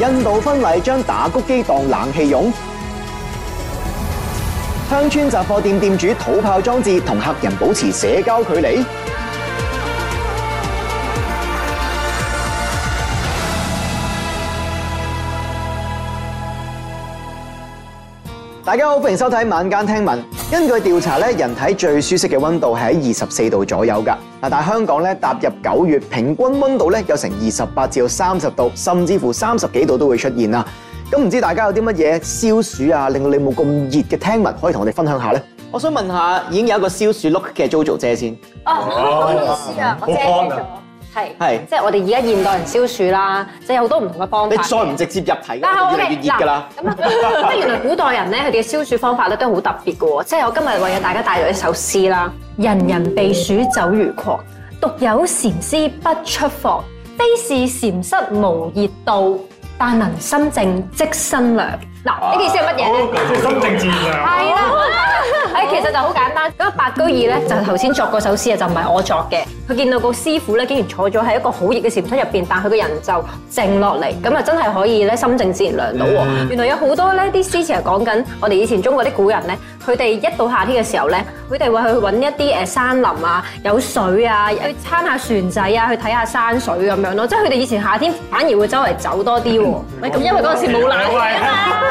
印度婚禮將打穀機當冷氣用，鄉村雜貨店店主土炮裝置同客人保持社交距離。大家好，歡迎收睇晚間聽聞。根據調查咧，人體最舒適嘅溫度係喺二十四度左右噶。嗱，但係香港咧，踏入九月，平均溫度咧，有成二十八至到三十度，甚至乎三十幾度都會出現啦。咁唔知大家有啲乜嘢消暑啊？令到你冇咁熱嘅聽聞，可以同我哋分享下咧？我想問下，已經有一個消暑 look 嘅 JoJo 姐先。哦，好，我驚咗係係，是是即係我哋而家現代人消暑啦，即係有好多唔同嘅方法。你再唔直接入題，越嚟越熱㗎啦。咁啊，咁啊，嗯、 原來古代人咧，佢哋嘅消暑方法咧都好特別嘅喎。 即係我今日為咗大家帶咗一首詩啦：人人避暑走如狂，獨有禪師不出房。非是禪室無熱度，但能心靜即身涼。嗱，呢個意思係乜嘢？即係心靜自然涼。係啦，誒其實就好簡單。咁啊，白居易咧就頭先作嗰首詩啊，就唔係我作嘅。佢見到個師傅咧，竟然坐咗喺一個好熱嘅禪室入邊，但佢個人就靜落嚟，咁啊真係可以咧心靜自然涼到喎。原來有好多咧啲詩詞係講緊我哋以前中國啲古人咧，佢哋一到夏天嘅時候咧，佢哋會去揾一啲誒山林啊、有水啊，去撐下船仔啊，去睇下山水咁樣咯。即係佢哋以前夏天反而會周圍走多啲喎。咁，因為嗰陣時冇冷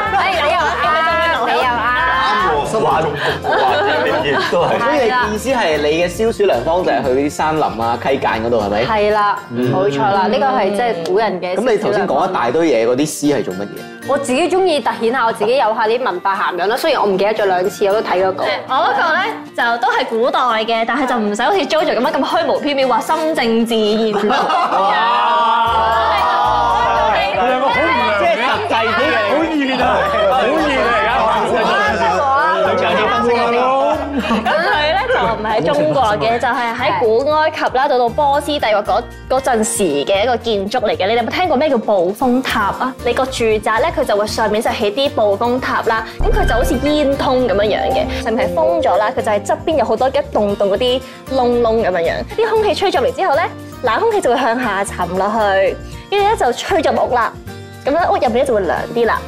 你又啱，你又啱，啱喎，實話用俗話。所以你意思係你嘅消暑良方就係去啲山林啊、溪澗嗰度係咪？係啦，冇錯啦，呢個係即係古人嘅。咁你頭先講一大堆嘢，嗰啲詩係做乜嘢？我自己中意突顯下我自己有下啲文化涵養啦。雖然我唔記得咗兩次，我都睇過個。我都覺咧就都係古代嘅，但係就唔使好似 Jojo 咁樣咁虛無縹緲，話心靜自然。咁佢咧就唔係喺中國嘅， 就係、是、喺古埃及啦，到對 到波斯帝國嗰嗰陣時嘅一個建築嚟嘅。對 你哋有冇聽過咩叫暴風塔啊？你個住宅咧，佢就會上面就起啲暴風塔啦。咁佢就好似煙通咁樣樣嘅，係唔係封咗啦？佢就係側邊有好多凍凍洞一洞洞嗰啲窿窿咁樣樣，啲空氣吹入嚟之後咧，冷空氣就會向下沉落去，跟住咧就吹咗屋啦。咁咧屋入面咧就會涼啲啦。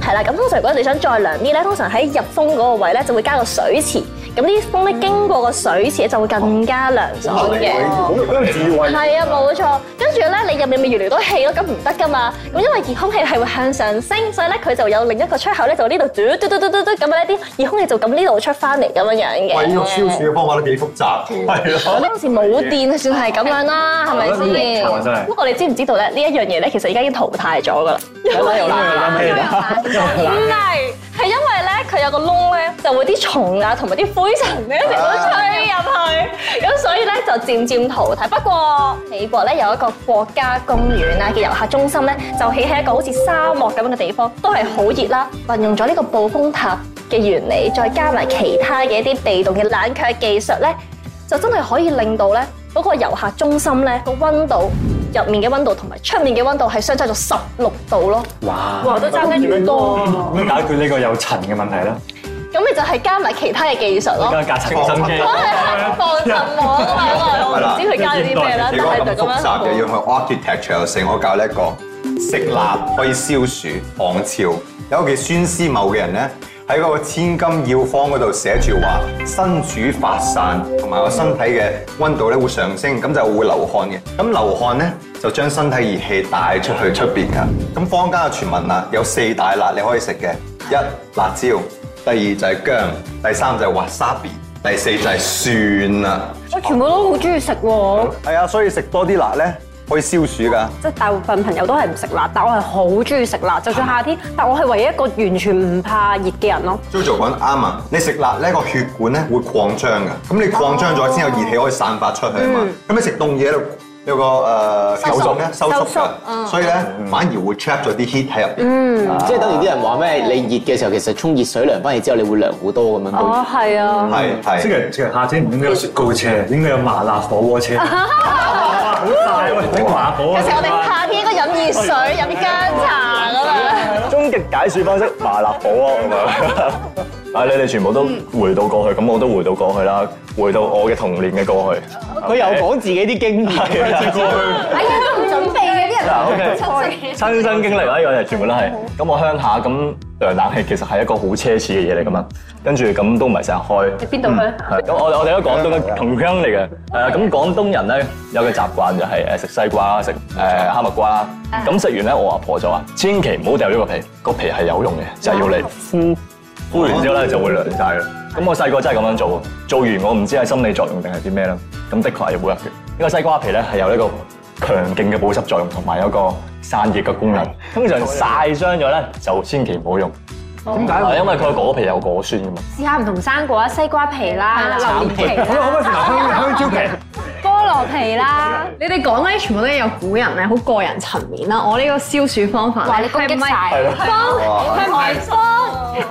係啦，咁通常如果你想再涼啲咧，通常喺入風嗰個位咧就會加個水池。咁呢風咧經過個水池咧就會更加涼爽嘅，咁樣智慧。係啊，冇錯。跟住咧，你入面咪越嚟越多氣咯，咁唔得噶嘛。咁因為熱空氣係會向上升，所以咧佢就有另一個出口咧，呃呃呃呃呃、就呢度嘟嘟嘟嘟嘟嘟咁樣一啲熱空氣就咁呢度出翻嚟咁樣樣嘅。喂，呢個超嘅方法都幾複雜，係咯。我當時冇電，的算係咁樣啦，係咪先？不過你知唔知道咧？呢一樣嘢咧，其實而家已經淘汰咗㗎啦。淘汰啦有啦啦啦，唔係 氣。 有個窿咧，就會啲蟲啊同埋啲灰塵咧，一直都吹入去，咁所以咧就漸漸淘汰。不過美國咧有一個國家公園啊嘅遊客中心咧，就起喺一個好似沙漠咁樣嘅地方，都係好熱啦。運用咗呢個暴風塔嘅原理，再加埋其他嘅一啲地道嘅冷卻技術咧，就真係可以令到咧嗰個遊客中心咧個温度，入面嘅温度同埋出面嘅温度係相差咗十六度咯，哇！哇都爭得住多，咁樣解決呢個有塵嘅問題咧？咁 你就係加埋其他嘅技術咯，清新嘅、啊 啊，我係防塵，我係我唔知佢加咗啲咩啦，但係就咁樣就。咁複雜嘅，要學 architecture 先。我教呢一個食辣可以消暑防潮，有個叫孫思邈嘅人咧。喺嗰個千金要方嗰度寫住話，辛主發散，同埋個身體嘅温度咧會上升，咁就會流汗嘅。咁流汗咧就將身體熱氣帶出去出邊㗎。咁坊間嘅傳聞啦，有四大辣你可以食嘅，一辣椒，第二就係姜，第三就係哇沙比，第四就係蒜啦。我全部都好中意食喎。係啊，所以食多啲辣咧。可以消暑㗎，即係大部分朋友都係唔食辣，但我係好中意食辣。嗎就算夏天，但我係唯一一個完全唔怕熱嘅人咯。Jojo 講得啱啊！你食辣呢個血管咧會擴張㗎，咁你擴張咗先有熱氣可以散發出去啊嘛。咁 你食凍嘢喺度。 有個誒收縮咧，收縮嘅，所以咧反而會 check 咗啲 heat 喺入邊。嗯，即係等於啲人話咩？你熱嘅時候其實沖熱水涼翻嚟之後，你會涼好多咁樣。哦，係啊，係係。即係其實夏天唔應該有雪糕車，應該有麻辣火鍋車。有時我哋夏天應該飲熱水、飲薑茶咁樣。終極解暑方式，麻辣火鍋咁樣。啊！你哋全部都回到過去，咁我都回到過去啦，回到我嘅童年嘅過去。佢又講自己啲經歷啦。大家都唔準備嘅啲人，親身經歷呢樣嘢全部都係。咁我鄉下咁涼，冷氣其實係一個好奢侈嘅嘢嚟噶嘛。跟住咁都唔係成日開。喺邊度去啊？我我哋喺廣東嘅同鄉嚟嘅。誒，咁廣東人咧有個習慣就係誒食西瓜、食誒哈密瓜啦。咁食完咧，我阿婆就話：千祈唔好掉咗個皮，個皮係有用嘅，就係要嚟敷。敷完之後咧就會涼晒啦。咁我細個真係咁樣做，做完我唔知係心理作用定係啲咩啦。咁的確係 work 嘅。呢個西瓜皮咧係有呢個強勁嘅補濕作用，同埋有個散熱嘅功能。通常晒傷咗咧就千祈唔好用。點解？因為佢個果皮有果酸㗎嘛。試下唔同生果啊，西瓜皮啦、榴蓮皮、香蕉皮、菠蘿皮啦。你哋講咧全部都有古人啊，好個人層面啦。我呢個消暑方法係咪唔係？係咯，係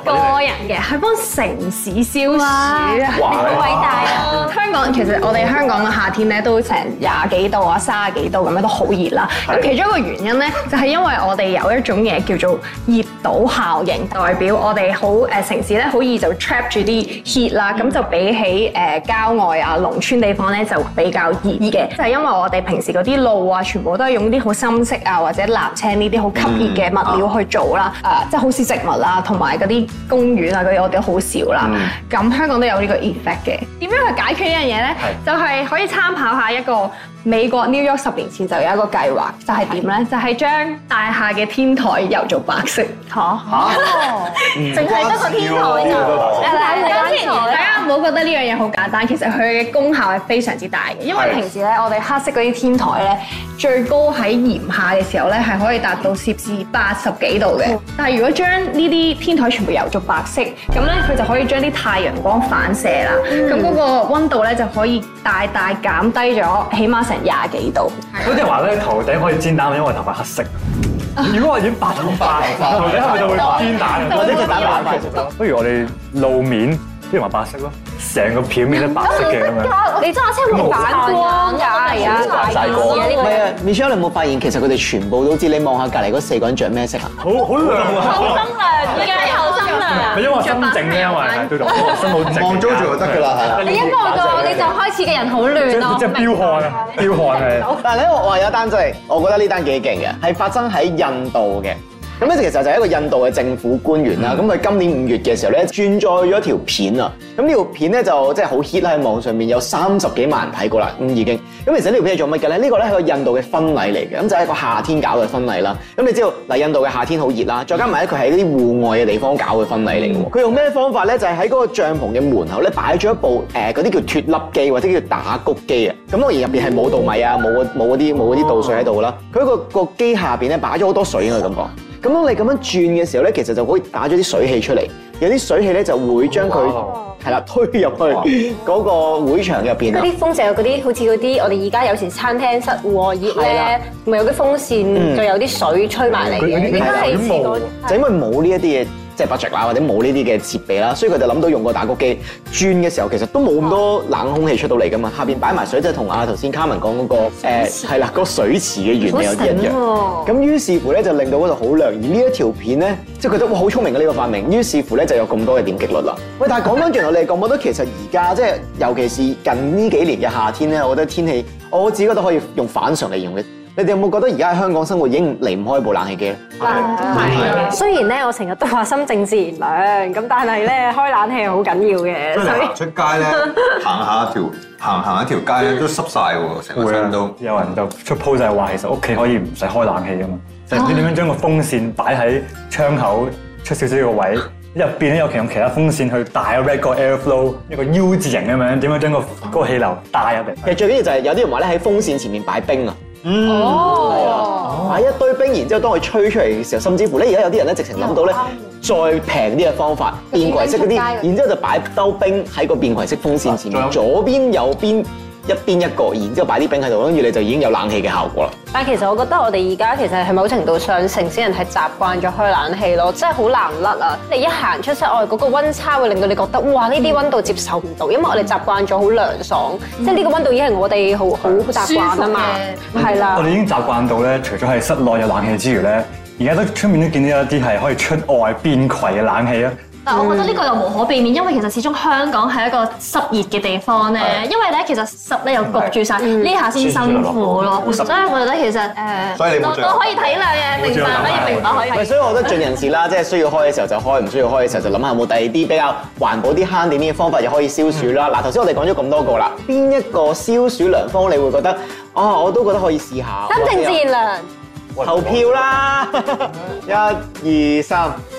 個人嘅，係幫城市消暑，哇 好偉大啊！ 香港，其實我哋香港嘅夏天咧都成廿幾度啊，三十幾度咁樣都好熱啦。咁的其中一個原因咧，就係、是、因為我哋有一種嘢叫做熱島效應，代表我哋好誒城市咧好易就 trap 住啲 heat 啦。咁、嗯、就比起誒、呃、郊外啊農村地方咧就比較熱嘅，就係、是、因為我哋平時嗰啲路啊全部都係用啲好深色啊或者藍青呢啲好吸熱嘅物料去做啦。誒，即係好似植物啊同埋啲公園啊嗰啲我哋好少啦，咁、嗯、香港都有呢個 effect 嘅。點樣去解決呢樣嘢咧？的就係可以參考下一個。美國紐約十年前就有一個計劃，就係、是、點呢？是就係將大廈嘅天台油做白色。嚇嚇，淨係一個天台咋？大家唔好覺得呢樣嘢好簡單，其實佢嘅功效係非常之大嘅。因為平時咧，我哋黑色嗰啲天台咧，最高喺炎夏嘅時候咧，係可以達到攝氏八十幾度嘅。嗯、但係如果將呢啲天台全部油做白色，咁呢，佢就可以將啲太陽光反射啦。咁嗰個溫度呢，就可以大大減低咗，起碼。成廿幾度，好似話咧，頭頂可以煎蛋，因為頭髮黑色。如果我染白咗髮，頭頂係咪就會煎蛋？或者呢白，等我不如我哋露面，即係話白色咯，成個表面都白色嘅咁樣。你揸車會反光㗎？係啊，晒光。唔係啊 Michelle 你有冇發現其實佢哋全部都知？你望下隔離嗰四個人着咩色啊？好好涼啊！好生涼，而家又～因為心靜嘅，因為，對對，心好靜。望住就得嘅啦，係。你一望到你就開始嘅人好亂，即係即係飆汗、飆汗，係。但係咧，我話有單即係，我覺得呢單幾勁嘅，係發生喺印度嘅。咁咧其實就係一個印度嘅政府官員啦。咁佢、嗯、今年五月嘅時候咧，轉載咗條片啊。咁呢、嗯、條片咧就即係好 hit 啦喺網上面，有三十幾萬人睇過啦。咁已經。咁其實呢條片係做乜嘅咧？呢個咧係個印度嘅婚禮嚟嘅。咁就係、是、一個夏天搞嘅婚禮啦。咁你知道，嗱，印度嘅夏天好熱啦。再加埋咧，佢喺啲戶外嘅地方搞嘅婚禮嚟嘅喎。佢用咩方法咧？就係喺嗰個帳篷嘅門口咧擺咗一部誒嗰啲叫脫粒機或者叫打穀機啊。咁當然入邊係冇稻米啊，冇冇嗰啲冇啲稻水喺度啦。佢、那個、那個機下邊咧擺咗好多水嘅感覺。咁樣你咁樣轉嘅時候咧，其實就可以打咗啲水氣出嚟，有啲水氣咧就會將佢係啦推入去嗰個會場入邊。嗰啲風扇嗰啲好似嗰啲，我哋而家有時餐廳室過熱咧，咪對了 有啲風扇就有啲水吹埋嚟。嘅、嗯。而家就因為冇呢一啲嘢。即係 budget 啦，或者冇呢啲嘅設備啦，所以佢就諗到用個打穀機轉嘅時候，其實都冇咁多冷空氣出到嚟㗎嘛。下邊擺埋水就、那個，就係同阿頭先 Carmen 講嗰個誒係啦，呃那個水池嘅原理有啲一樣。咁於是乎咧，就令到嗰度好涼。而呢一條片咧，即係覺得哇，好聰明嘅呢個發明。於是乎咧，就有咁多嘅點擊率啦。喂，但係講返轉頭你係講，我覺得其實而家即係尤其是近呢幾年嘅夏天咧，我覺得天氣我自己覺得可以用反常嚟形容嘅。你哋有冇覺得而家喺香港生活已經離唔開部冷氣機咧？嗱的，係的。雖然咧，我成日都話心靜自然涼，咁但係咧，開冷氣好緊要嘅。出街咧，行下以條行行 一,一條街咧，都濕晒喎，成身都。的有人就出鋪就係話，其實屋企可以唔使開冷氣啊嘛。就唔知點樣將個風扇擺喺窗口出少少個位，入邊咧有其用其他風扇去帶個 air flow，一個 U 字型咁樣，點樣將個嗰個氣流帶入嚟。其實最緊要就係有啲人話咧，喺風扇前面擺冰啊。嗯，係啊、哦，擺了一堆冰，然之後當佢吹出嚟嘅時候，甚至乎咧，而家有啲人咧，直情諗到咧，再平啲嘅方法，便攜式嗰啲，然之後就擺兜冰喺個便攜式風扇前面，左邊、右邊。一邊一個，然之後擺啲冰喺度，跟住你就已經有冷氣嘅效果啦。但係其實我覺得我哋而家其實係某程度上，城市人係習慣咗開冷氣咯，真係好難甩啊！你一行出室外，嗰、那個溫差會令到你覺得，哇！呢啲溫度接受唔到，因為我哋習慣咗好涼爽，嗯、即係呢個溫度已經係我哋好好嘅習慣啊嘛，係啦。我哋已經習慣到咧，除咗喺室內有冷氣之餘咧，而家都出面都見到一啲係可以出外便攜嘅冷氣啊。我覺得呢個又無可避免，因為其實始終香港係一個濕熱嘅地方咧。因為咧，其實濕咧又焗住晒，呢下先辛苦咯。所以我覺得其實誒，所以你都可以體諒嘅。明白可以明白可以。所以我覺得盡人事啦，即係需要開嘅時候就開，唔需要開嘅時候就諗下有冇第二啲比較環保啲、慳點啲方法又可以消暑啦。嗱，頭先我哋講咗咁多個啦，邊一個消暑良方你會覺得啊？我都覺得可以試下。心靜自然涼，投票啦！一、二、三。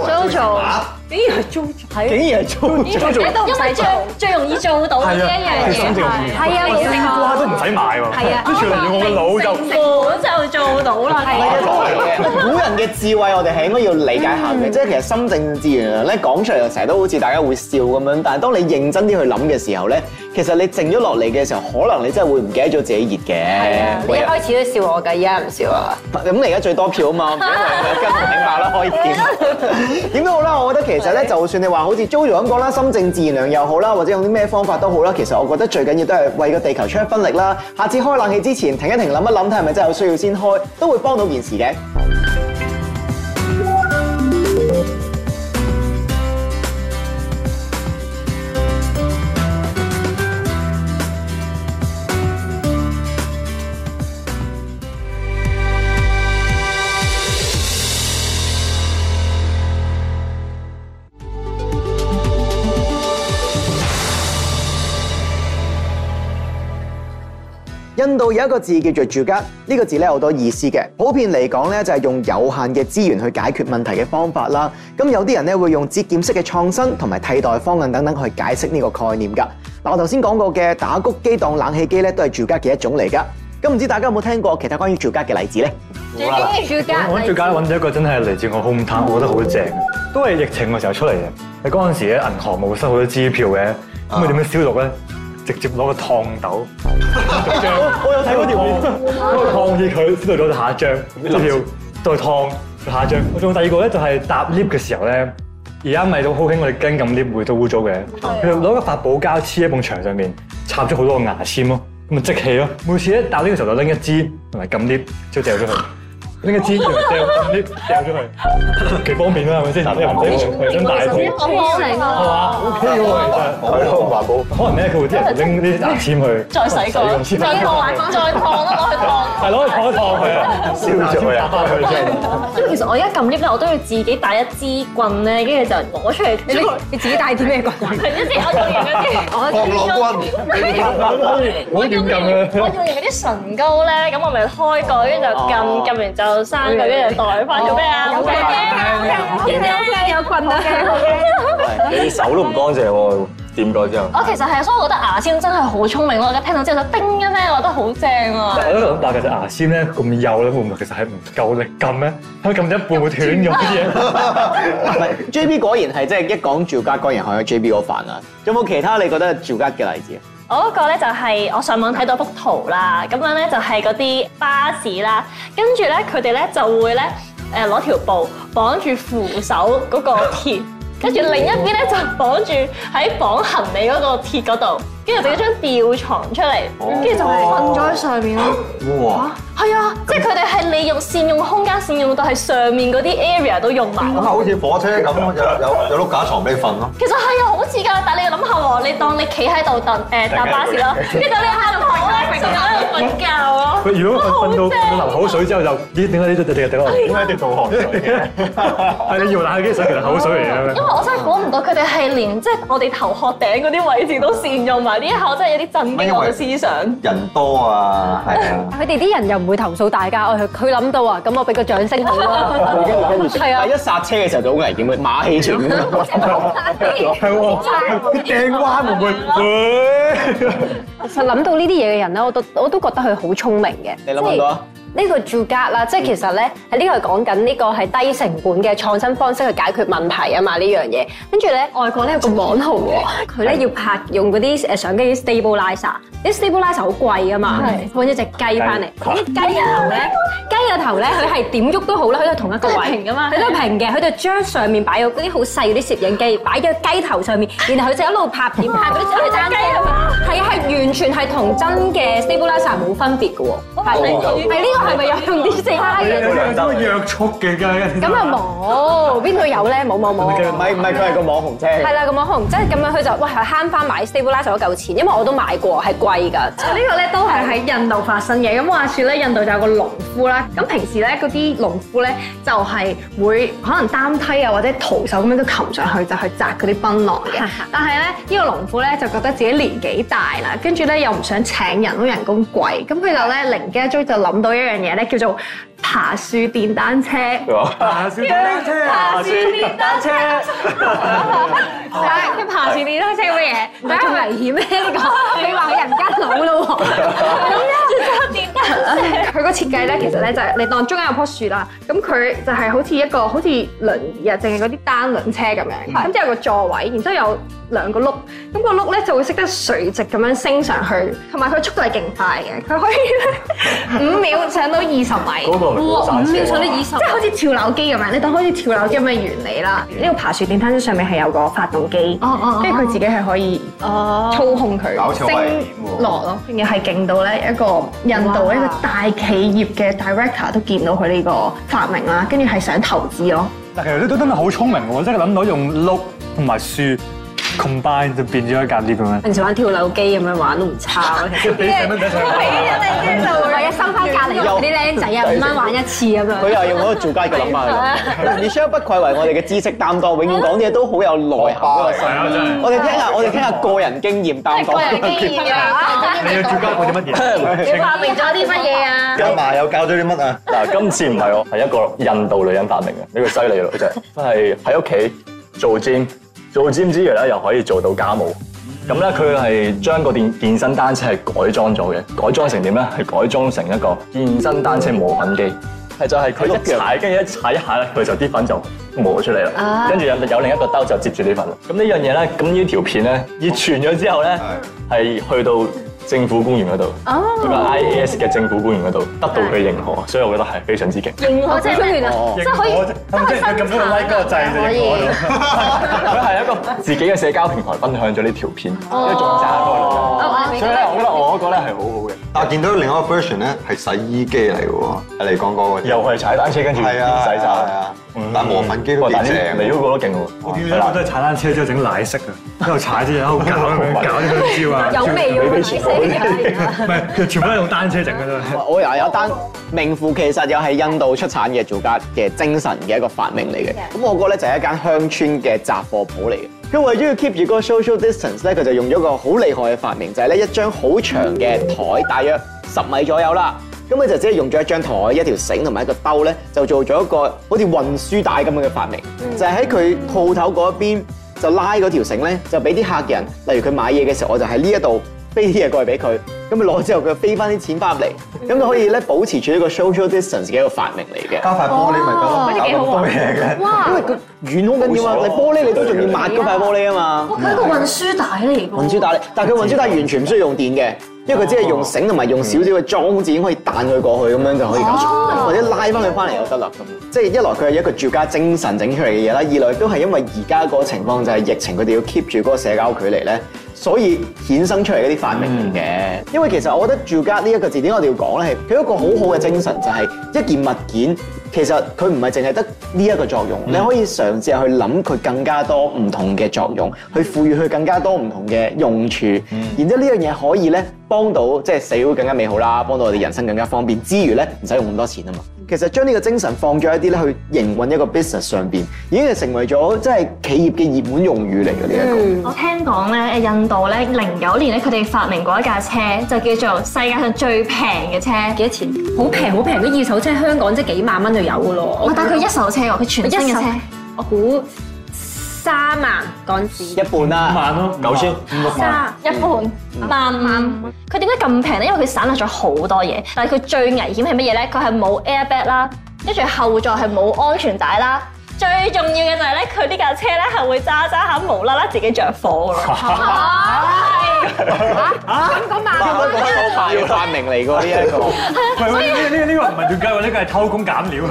做，竟然係做，係，竟然係做，呢啲都因為最最容易做到嘅一樣嘢，係啊，靜坐都唔使買喎，係啊，都全用個腦就靜坐就做到啦。係啊，古人嘅智慧，我哋係應該要理解下嘅，即係其實心靜自然涼咧。講出嚟又成日都好似大家會笑咁樣，但係當你認真啲去諗嘅時候咧，其實你靜咗落嚟嘅時候，可能你真係會唔記得咗自己熱嘅。一開始都笑我㗎，而家唔笑啊？咁你而家最多票啊嘛，我跟住睇下啦，可以。點都好啦，我覺得其實咧，對就算你話好似 JoJo 咁講啦，心靜自然涼又好啦，或者用啲咩方法都好啦，其實我覺得最緊要都係為個地球出一分力啦。下次開冷氣之前停一停想一想，諗一諗，睇係咪真係有需要先開，都會幫到件事嘅。印度有一個字叫做 Jugaad，呢個字咧好多意思嘅。普遍嚟講咧，就係用有限嘅資源去解決問題嘅方法啦。咁有啲人咧會用節儉式嘅創新同埋替代方案等等去解釋呢個概念噶。嗱，我頭先講過嘅打穀機當冷氣機咧，都係 Jugaad 嘅一種嚟噶。咁唔知大家有冇聽過其他關於 Jugaad 嘅例子咧？Jugaad，我最近揾到一個真係嚟自 my hometown，我覺得好正，都係疫情嘅時候出嚟嘅。你嗰陣時咧，銀行冇收好多支票嘅，咁你點樣消毒咧？直接攞個燙斗， 我有睇嗰條，攞嚟燙熱佢先到攞到下一張，都 要再燙下一張。仲有 第二個咧就係、是、搭 lift 嘅時候咧，而家咪都好興我哋驚咁 lift 會都污糟嘅，佢攞 個發泡膠黐喺埲牆上面，插咗好多牙籤咯，咁咪即棄咯。 每次咧搭 lift 嘅時候就拎一支同埋撳 lift，就掉咗佢。拎支鉛掉，拎掉出去，幾方便啊？係咪先？又唔使用張大圖，係嘛？OK 喎，其實係啊。華寶可能咧，佢會啲人拎啲牙籤去再洗過，再燙啊，再燙啦，攞去燙。係攞去燙一燙佢啊，燒咗又打翻佢。因為其實我而家撳 lift 咧，我都要自己帶一支棍咧，跟住就攞出嚟。你你你自己帶啲咩棍啊？我用完嗰啲，我用完嗰啲唇膏咧，咁我咪開蓋，跟住就撳撳完就。生佢啲嘢袋翻做咩啊？有菌，有菌，有菌，有菌，有菌。你手都唔乾淨喎，掂過之後？哦，其實係，所以我覺得牙籤真係好聰明咯。我而家聽到之後，就叮一聲，我覺得好正啊。但係其實牙籤咧，咁幼咧，會唔會其實係唔夠力撳咧？佢撳一半會斷咁啲嘢。唔係，J B 果然係，即係一講 Jugaad，果然係有 J B 嗰份啦。有冇其他你覺得 Jugaad 嘅例子啊？我嗰個咧就係我上網睇到一幅圖啦，咁樣咧就係嗰啲巴士啦，跟住咧佢哋咧就會咧誒攞條布綁住扶手嗰個鐵。跟住另一邊咧就綁住喺綁行李嗰個鐵嗰度，跟住俾張吊床出嚟，跟住、哦、就瞓咗喺上面咯、哦。哇！係啊的，那即係佢哋係利用善用空間，善用到係上面嗰啲 area 都用埋咁啊，好似火車咁，有有有碌架床俾你瞓咯。其實係啊，好似㗎，但係你要諗下喎，你當你企喺度等誒搭巴士啦，跟住你 就喺度瞓覺咯。如果瞓到流口水之後就咦點解呢度直直掉落？點解掉肚汗？係你搖下機上邊其實口水嚟嘅咩？因為我真係估唔到佢哋係連即係我哋頭殼頂嗰啲位置都善用埋，呢一下真係有啲震驚我嘅思想。人多啊，係啊。佢哋啲人又唔會投訴大家，我佢諗到啊，咁我俾個掌聲好啦。係啊，一剎車嘅時候就好危險嘅，馬戲團咁樣。係喎，掟彎唔會。其實諗到呢啲嘢嘅人咧，我都我都覺得佢好聰明嘅。你諗唔到啊？就係呢個 Jugaad 啦，即係其實咧，喺呢個講緊呢個係低成本嘅創新方式去解決問題啊嘛，呢樣嘢。跟住咧，外國咧有個網紅，佢咧要拍用嗰啲誒相機 stabilizer 啲 stabilizer 好貴啊嘛，放咗隻雞翻嚟，啲雞頭咧，雞嘅頭咧，佢係點喐都好啦，佢喺同一個位平啊嘛，佢都平嘅，佢就將上面擺咗嗰啲好細嗰啲攝影機，擺喺雞頭上面，然後佢就一路拍片拍嗰啲真雞啊，係啊，係完全係同真嘅 stabilizer 冇分別嘅喎，係呢個。係咪有用啲嘅？咁啊，約束嘅咁啊冇，邊度有咧？冇冇，冇，唔係唔係，佢係個網紅啫對。係啦對，個網紅即係咁樣，佢就喂慳翻買 steak knife 嗰嚿錢，因為我都買過，係貴㗎。呢個咧都係喺印度發生嘅。咁話説咧，印度就有個農夫啦。咁平時咧嗰啲農夫咧就係會可能擔梯啊，或者徒手咁樣都擒上去就去摘嗰啲檳榔嘅。是的 但係咧呢個農夫咧就覺得自己年紀大啦，跟住咧又唔想請人咯，人工貴。咁佢就咧零雞一追就諗到一樣嘢咧叫做。Yeah, 爬樹電單車，爬樹電單車、啊，爬樹電單車、啊，佢爬樹電單車有乜嘢？咁危險咩？呢個你話人家老咯喎，爬樹電單車、啊，佢個設計咧，其實咧就係你當中間有棵樹啦，咁佢就係好似一個好似輪椅啊，淨係嗰啲單輪車咁樣，咁之後有個座位，然之後有兩個轆，咁個轆咧就會識得垂直咁樣升上去，同埋佢速度係勁快嘅，佢可以五秒上到二十米。 一聲音哇！咁妙啲二十，即係好似跳樓機咁樣，你當好似跳樓機咁嘅原理啦。呢個爬樹電單車上面係有個發動機，跟住佢自己係可以操控佢、哦、升落咯。跟住係勁到咧一個印度一個大企業嘅 director 都見到佢呢個發明啦，跟住係想投資咯。嗱，其實呢啲真係好聰明喎，即係諗到用碌同埋樹。Combine 就變咗一間啲咁樣，平時玩跳樓機咁樣玩都唔差，即係俾咗你呢度啦，一新翻隔籬啲靚仔啊，五蚊玩一次咁樣。佢又用好多做家教諗法，你真不愧為我哋嘅知識擔當，永遠講啲嘢都好有內涵。我哋聽下，我哋聽下個人經驗擔當。個人經驗啊！你要做家教做啲乜嘢？你發明咗啲乜嘢啊？阿爸又教咗啲乜啊？嗱，今次唔係我，係一個印度女人發明嘅，呢個犀利咯，佢就真係喺屋企做 gym。做 gym 之餘咧，又可以做到家務。咁咧、嗯，佢係將個電健身單車係改裝咗嘅，改裝成點咧？係改裝成一個健身單車磨粉機，係、嗯、就係佢一踩，跟住一踩一下咧，佢就啲粉就磨出嚟啦。跟住、啊、有另一個兜就接住啲粉。咁呢樣嘢咧，咁呢條片咧熱傳咗之後咧，係、嗯、去到。政府官員嗰度，嗰個 IAS 嘅政府官員嗰度得到佢認可，所以我覺得係非常之勁。認可即係出亂即係可以，得個新牌可以。佢係一個自己嘅社交平台分享咗呢條片，一中獎過，所以咧，我覺得我嗰個咧係好好嘅。啊，見到另外一個 version 咧係洗衣機嚟嘅喎，你講嗰又係踩單車，跟住洗衫。但磨粉機都幾正，你嗰個都勁喎。嗰啲咧都係踩單車之後整奶色嘅，一路踩之後搞啲招啊，有味喎。唔係，佢全部都用單車整嘅啫。我又有單名副其實又係印度出產嘅做家嘅精神嘅一個發明嚟嘅。咁我嗰個就係一間鄉村嘅雜貨鋪嚟嘅。佢為咗要 keep 住嗰個 social distance 咧，佢就用咗個好厲害嘅發明，就係咧一張好長嘅台，大約十米左右啦。咁咧就只係用咗一張台、一條繩同埋一個兜咧，就做咗一個好似運輸帶咁樣嘅發明，嗯、就係喺佢鋪頭嗰一邊就拉嗰條繩咧，就俾啲客人，例如佢買嘢嘅時候，我就喺呢一度飛啲嘢過嚟俾佢，咁佢攞之後佢飛翻啲錢翻入嚟，咁、嗯、就可以咧保持住一個 social distance 嘅一個發明嚟嘅。加塊玻璃咪加得搞咁多嘢嘅，哦、哇因為佢遠好緊要啊！你玻璃你都仲要抹嗰塊玻璃啊嘛。佢係、啊、一個運輸帶嚟㗎。是對運輸帶，但係佢運輸帶完全唔需要用電嘅。因為佢只係用繩同埋用少少嘅裝置，已可以彈佢過去咁樣就可以搞掂，啊、或者拉翻佢翻嚟都得啦。咁即係一來佢係一個住家精神整出嚟嘅嘢啦，二來都係因為而家個情況就係疫情，佢哋要 keep 住嗰個社交距離咧。所以衍生出嚟一啲發明嘅，因為其實我覺得 Jugaad 呢一個字典我哋要講咧，佢一個好好嘅精神就係一件物件其實，佢唔係淨係得呢一個作用，嗯、你可以嘗試去諗佢更加多唔同嘅作用，去賦予佢更加多唔同嘅用處。嗯、然之後，呢樣嘢可以咧幫到即係社會更加美好啦，幫到我哋人生更加方便之餘咧唔使用咁多錢啊嘛。其實將呢個精神放咗一啲咧去營運一個 business 上邊，已經係成為咗即係企業嘅熱門用語嚟嘅呢一個。嗯、我聽講咧，誒印度咧零九年咧，佢哋發明過一架車就叫做世界上最平嘅車，幾多錢？好平好平，啲二手車香港即係幾萬蚊就有咯。我但佢一手車喎，佢好全新嘅車，手我估。三萬港紙，一半啦，五萬咯，九千五，三，一半，萬五。佢點解咁平咧？因為佢省略咗好多嘢。但係佢最危險係乜嘢咧？佢係冇 airbag 啦，跟住後座係冇安全帶啦。最重要嘅就係咧，佢呢架車咧係會渣渣下無啦啦自己著火。係啊，啊，咁講埋，係發明嚟㗎呢一個。唔係唔係，呢個呢個唔係叫計喎，呢個係偷工減料。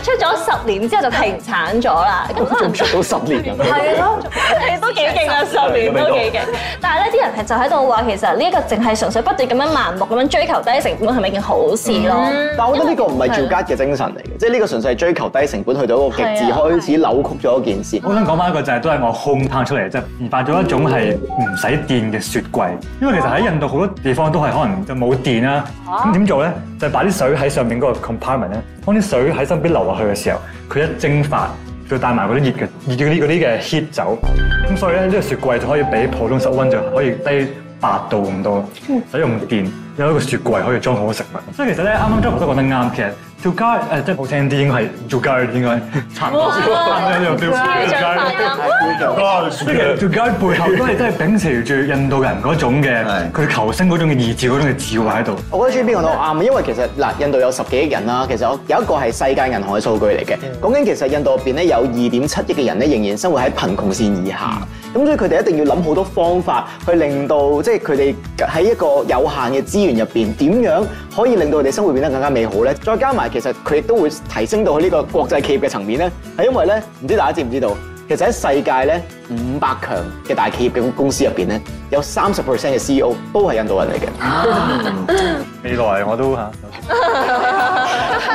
出咗十年之後就停產咗啦，咁可能出到十年啊，係啊，都幾勁啊，十年都幾勁。但係咧，啲人係就喺度話，其實呢個淨係純粹不斷咁樣盲目咁樣追求低成本，係咪件好事咯？但係我覺得呢個唔係 Jugaad 嘅精神嚟嘅，即係呢個純粹係追求低成本去到一個極致，開始扭曲咗一件事。我想講翻一個就係都係我空曬出嚟嘅啫，即係發咗一種係唔使電嘅雪櫃，因為其實喺印度好多地方都係可能就冇電啦，咁點做咧？就係擺啲水喺上面嗰個 compartment 咧，當啲水喺身邊流下去嘅時候，佢一蒸發，就帶埋嗰啲熱嘅熱嗰啲嗰啲嘅 heat 走，咁所以呢，呢個雪櫃就可以比普通室溫就可以低。八度咁多，使用電有一個雪櫃可以裝好食物。所以其實咧，啱啱 Joey 嗯、都講得啱。其實 Jugaad 即係是好聽啲，應該係 Jugaad 應該差唔多反恩又點？Jugaad 背後都啲真係秉持住印度人嗰種嘅佢的求生嗰種嘅意志，嗰種嘅智慧喺度。我覺得最邊個都啱，因為其實嗱，印度有十幾億人啦。其實我有一個係世界銀行嘅數據嚟嘅，講緊其實印度入面咧，有二點七億嘅人咧，仍然生活喺貧窮線以下。嗯咁所以佢哋一定要諗好多方法，去令到即係佢哋喺一個有限嘅資源入邊，點樣可以令到佢哋生活變得更加美好咧？再加埋其實佢亦都會提升到呢個國際企業嘅層面咧，係因為咧，唔知大家知唔知道，其實喺世界咧五百強嘅大企業嘅公司入邊咧，有三十 percent 嘅 CEO 都係印度人嚟嘅。 未來我都吓。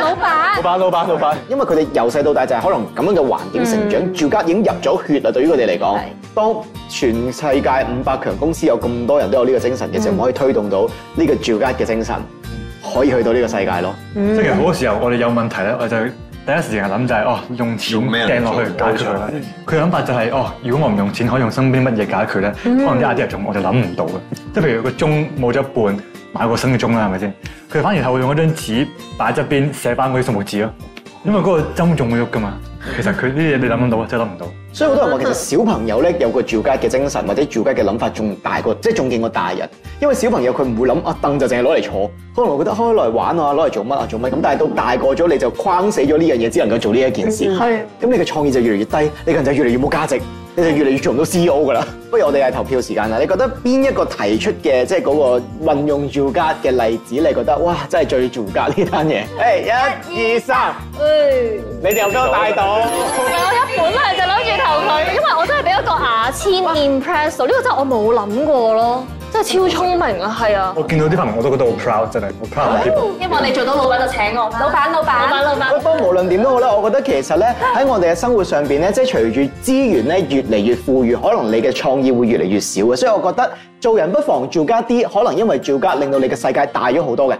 老 翻都翻到翻，因為佢哋由細到大就係可能咁樣嘅環境成長，喬、嗯、家已經入咗血啦。對於佢哋嚟講，是當全世界五百強公司有咁多人都有呢個精神嘅時候，嗯、我可以推動到呢個 Jugaad 嘅精神，可以去到呢個世界咯。嗯、即係好多時候，我哋有問題咧，我就第一時間諗就係、是、哦，用錢掟落什去錯解決啦。佢諗錯法就係、是、哦，如果我唔用錢，可以用身邊乜嘢解決咧？嗯、可能啲阿爹用，我就諗唔到嘅。即係譬如，如個鐘冇咗一半。買個新嘅鐘啦，係咪先？佢反而係會用一張紙擺側邊寫翻嗰啲數目字咯，因為嗰個針仲會喐噶嘛。其實佢呢啲嘢，你諗唔到啊，真係諗唔到。 到所以好多人話，其實小朋友咧有個 Jugaad 嘅精神或者 Jugaad 嘅諗法，仲大過即係仲勁過大人。因為小朋友佢唔會諗啊，凳就淨係攞嚟坐，可能我覺得開嚟玩啊，攞嚟做乜啊做乜咁。但係到大個咗，你就框死咗呢樣嘢，只能夠做呢一件事。係咁的，你嘅創意就越嚟越低，你個人就越嚟越冇價值，你就越嚟越做唔到 CEO 噶啦。不如我哋係投票時間啦！你覺得邊一個提出嘅即係嗰個運用 Jugaad 嘅例子，你覺得哇，真係最 Jugaad 呢單嘢？誒，一、二、三唉，誒，你哋有冇俾我帶到？我一本嚟就諗住投佢，因為我真係俾一個牙籤 impress 到，呢哇個真係我冇諗過咯。真係超聰明、嗯、啊！係啊，我見到啲朋友我都覺得好 proud，真係好 proud。啊、希望你做到老闆就請我，老闆、老闆、老闆、老闆。不過無論點都好咧，老闆。我覺得其實咧喺我哋嘅生活上面咧，即係隨住資源咧越嚟越富裕，可能你嘅創意會越嚟越少嘅，所以我覺得做人不妨做家啲，可能因為做家令到你嘅世界大咗好多嘅。